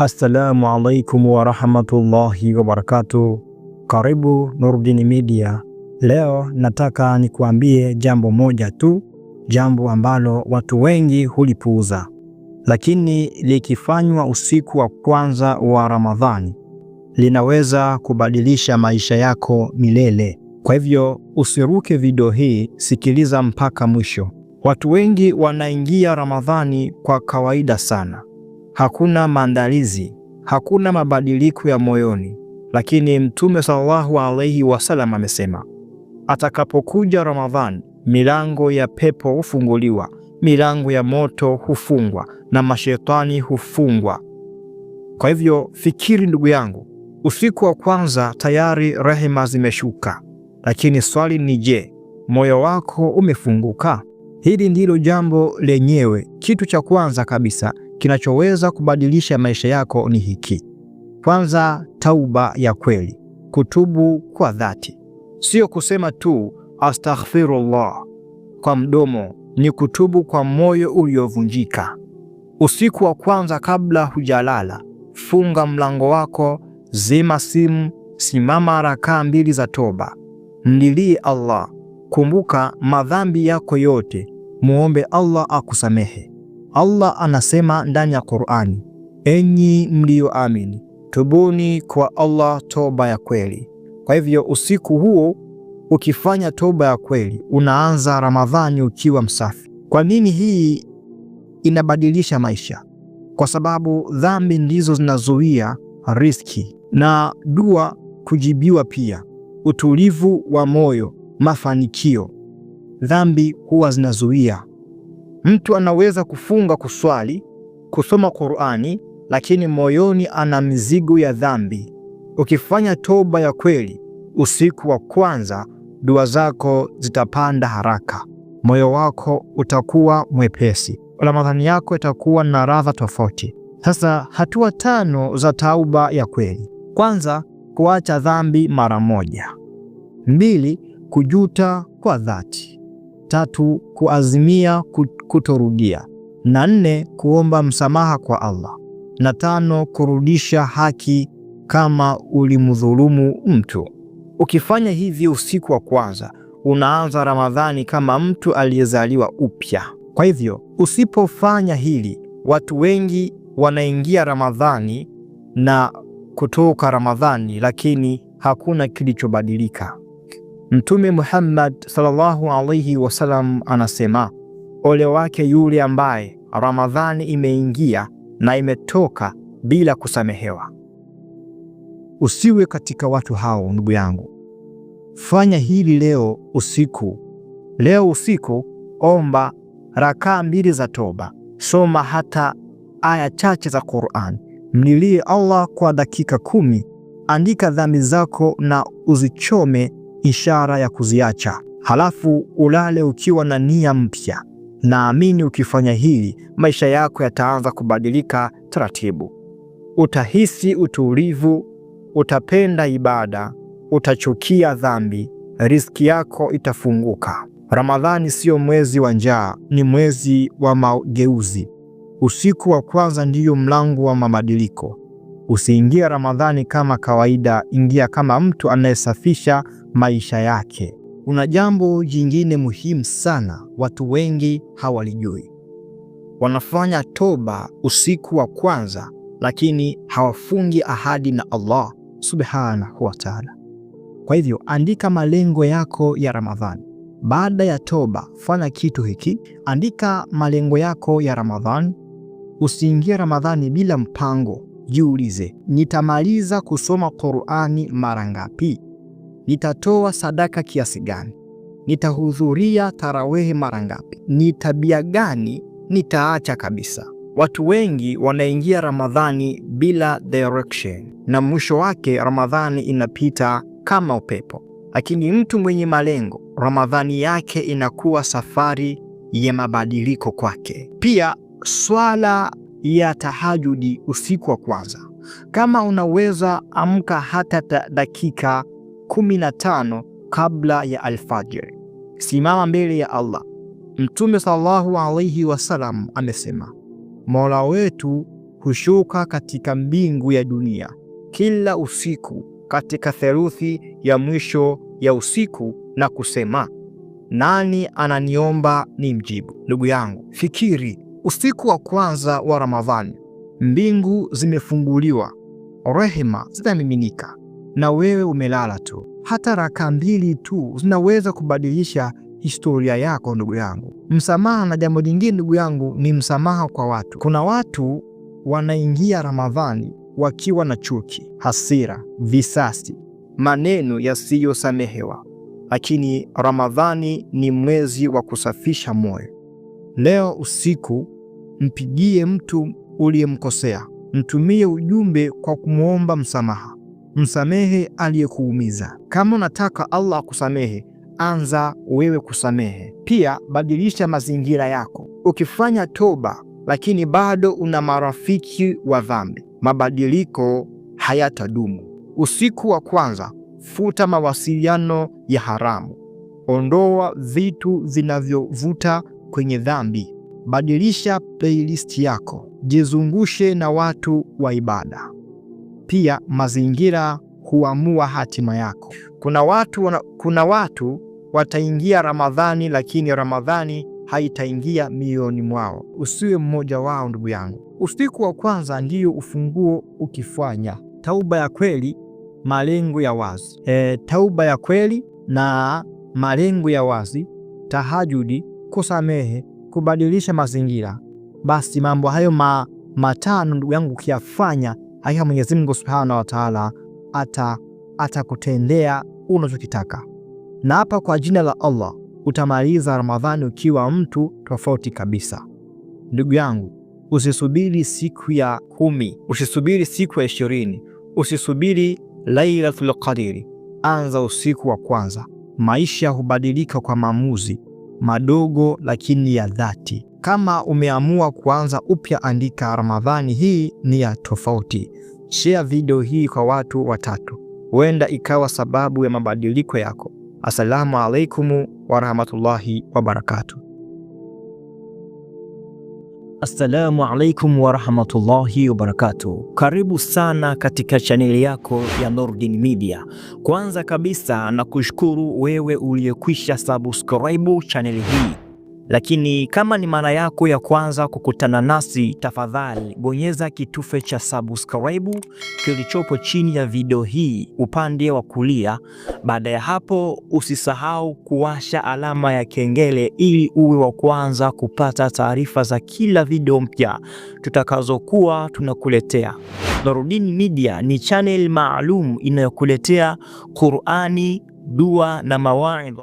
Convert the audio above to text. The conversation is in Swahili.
Assalamu alaikum warahmatullahi wabarakatu Karibu Nurdin Media. Leo nataka nikuambie jambo moja tu, jambo ambalo watu wengi hulipuuza, lakini likifanywa usiku wa kwanza wa Ramadhani linaweza kubadilisha maisha yako milele. Kwa hivyo usiruke video hii, sikiliza mpaka mwisho. Watu wengi wanaingia Ramadhani kwa kawaida sana hakuna maandalizi, hakuna mabadiliko ya moyoni. Lakini Mtume sallallahu alaihi wasallam amesema atakapokuja Ramadhan, milango ya pepo hufunguliwa, milango ya moto hufungwa na mashetani hufungwa. Kwa hivyo fikiri, ndugu yangu, usiku wa kwanza tayari rehema zimeshuka, lakini swali ni je, moyo wako umefunguka? Hili ndilo jambo lenyewe, kitu cha kwanza kabisa kinachoweza kubadilisha maisha yako ni hiki. Kwanza, tauba ya kweli, kutubu kwa dhati, sio kusema tu astaghfirullah kwa mdomo, ni kutubu kwa moyo uliovunjika. Usiku wa kwanza kabla hujalala, funga mlango wako, zima simu, simama rakaa mbili za toba, mlilie Allah, kumbuka madhambi yako yote, muombe Allah akusamehe. Allah anasema ndani ya Qur'ani, enyi mliyoamini, tubuni kwa Allah toba ya kweli. Kwa hivyo usiku huo ukifanya toba ya kweli, unaanza Ramadhani ukiwa msafi. Kwa nini hii inabadilisha maisha? Kwa sababu dhambi ndizo zinazuia riski na dua kujibiwa, pia utulivu wa moyo, mafanikio. Dhambi huwa zinazuia Mtu anaweza kufunga, kuswali, kusoma Qur'ani, lakini moyoni ana mizigo ya dhambi. Ukifanya toba ya kweli usiku wa kwanza, dua zako zitapanda haraka, moyo wako utakuwa mwepesi, Ramadhani yako itakuwa na radha tofauti. Sasa, hatua tano za tauba ya kweli: kwanza, kuacha dhambi mara moja; mbili, kujuta kwa dhati; tatu, kuazimia kutorudia, na nne, kuomba msamaha kwa Allah, na tano, kurudisha haki kama ulimdhulumu mtu. Ukifanya hivi usiku wa kwanza, unaanza Ramadhani kama mtu aliyezaliwa upya. Kwa hivyo usipofanya hili, watu wengi wanaingia Ramadhani na kutoka Ramadhani, lakini hakuna kilichobadilika. Mtume Muhammad sallallahu alaihi wasallam anasema Ole wake yule ambaye Ramadhani imeingia na imetoka bila kusamehewa. Usiwe katika watu hao, ndugu yangu. Fanya hili leo usiku. Leo usiku omba rakaa mbili za toba, soma hata aya chache za Qur'an, mlilie Allah kwa dakika kumi, andika dhambi zako na uzichome ishara ya kuziacha, halafu ulale ukiwa na nia mpya. Naamini ukifanya hili, maisha yako yataanza kubadilika taratibu. Utahisi utulivu, utapenda ibada, utachukia dhambi, riziki yako itafunguka. Ramadhani sio mwezi wa njaa, ni mwezi wa mageuzi. Usiku wa kwanza ndiyo mlango wa mabadiliko. usiingia Ramadhani kama kawaida, ingia kama mtu anayesafisha maisha yake. Kuna jambo jingine muhimu sana watu wengi hawalijui. Wanafanya toba usiku wa kwanza, lakini hawafungi ahadi na Allah subhanahu wa taala. Kwa hivyo andika malengo yako ya Ramadhani. Baada ya toba, fanya kitu hiki: andika malengo yako ya Ramadhani. Usiingie Ramadhani bila mpango. Jiulize, nitamaliza kusoma Qur'ani mara ngapi? Nitatoa sadaka kiasi gani? Nitahudhuria tarawehe mara ngapi? Ni tabia gani nitaacha kabisa? Watu wengi wanaingia Ramadhani bila direction, na mwisho wake Ramadhani inapita kama upepo. Lakini mtu mwenye malengo, Ramadhani yake inakuwa safari ya mabadiliko kwake. Pia swala ya tahajudi usiku wa kwanza, kama unaweza amka hata dakika 15 kabla ya alfajiri. Simama mbele ya Allah. Mtume sallallahu alaihi wasallam amesema, Mola wetu hushuka katika mbingu ya dunia kila usiku katika theluthi ya mwisho ya usiku na kusema, nani ananiomba ni mjibu. Ndugu yangu, fikiri. Usiku wa kwanza wa Ramadhani, mbingu zimefunguliwa, rehema zitamiminika na wewe umelala tu. Hata raka mbili tu zinaweza kubadilisha historia yako ndugu yangu. Msamaha na jambo lingine ndugu yangu ni msamaha kwa watu. Kuna watu wanaingia Ramadhani wakiwa na chuki, hasira, visasi, maneno yasiyosamehewa, lakini Ramadhani ni mwezi wa kusafisha moyo. Leo usiku mpigie mtu uliyemkosea, mtumie ujumbe kwa kumwomba msamaha msamehe aliyekuumiza. Kama unataka Allah akusamehe, anza wewe kusamehe. Pia badilisha mazingira yako. Ukifanya toba lakini bado una marafiki wa dhambi, mabadiliko hayatadumu. Usiku wa kwanza, futa mawasiliano ya haramu, ondoa vitu vinavyovuta kwenye dhambi, badilisha playlist yako, jizungushe na watu wa ibada pia mazingira huamua hatima yako. Kuna watu, wana, kuna watu wataingia Ramadhani lakini Ramadhani haitaingia mioyoni mwao. Usiwe mmoja wao, ndugu yangu. Usiku wa kwanza ndiyo ufunguo. Ukifanya tauba ya kweli, malengo ya wazi e, tauba ya kweli na malengo ya wazi, tahajudi, kusamehe, kubadilisha mazingira, basi mambo hayo ma, matano ndugu yangu ukiyafanya hakika Mwenyezi Mungu Subhanahu wa Ta'ala ata atakutendea unachokitaka. Na hapa kwa jina la Allah utamaliza Ramadhani ukiwa mtu tofauti kabisa. Ndugu yangu, usisubiri siku ya kumi, usisubiri siku ya ishirini, usisubiri Lailatul Qadiri. Anza usiku wa kwanza. Maisha hubadilika kwa maamuzi madogo lakini ya dhati. Kama umeamua kuanza upya, andika Ramadhani hii ni ya tofauti. Share video hii kwa watu watatu, huenda ikawa sababu ya mabadiliko yako. Assalamu alaikum warahmatullahi wabarakatuh. Assalamu alaikum warahmatullahi wabarakatuh. Karibu sana katika chaneli yako ya Nurdin Media. Kwanza kabisa na kushukuru wewe uliyekwisha subscribe chaneli hii. Lakini kama ni mara yako ya kwanza kukutana nasi, tafadhali bonyeza kitufe cha subscribe kilichopo chini ya video hii upande wa kulia. Baada ya hapo, usisahau kuwasha alama ya kengele ili uwe wa kwanza kupata taarifa za kila video mpya tutakazokuwa tunakuletea. Nurdin Media ni channel maalum inayokuletea Qur'ani, dua na mawaidha.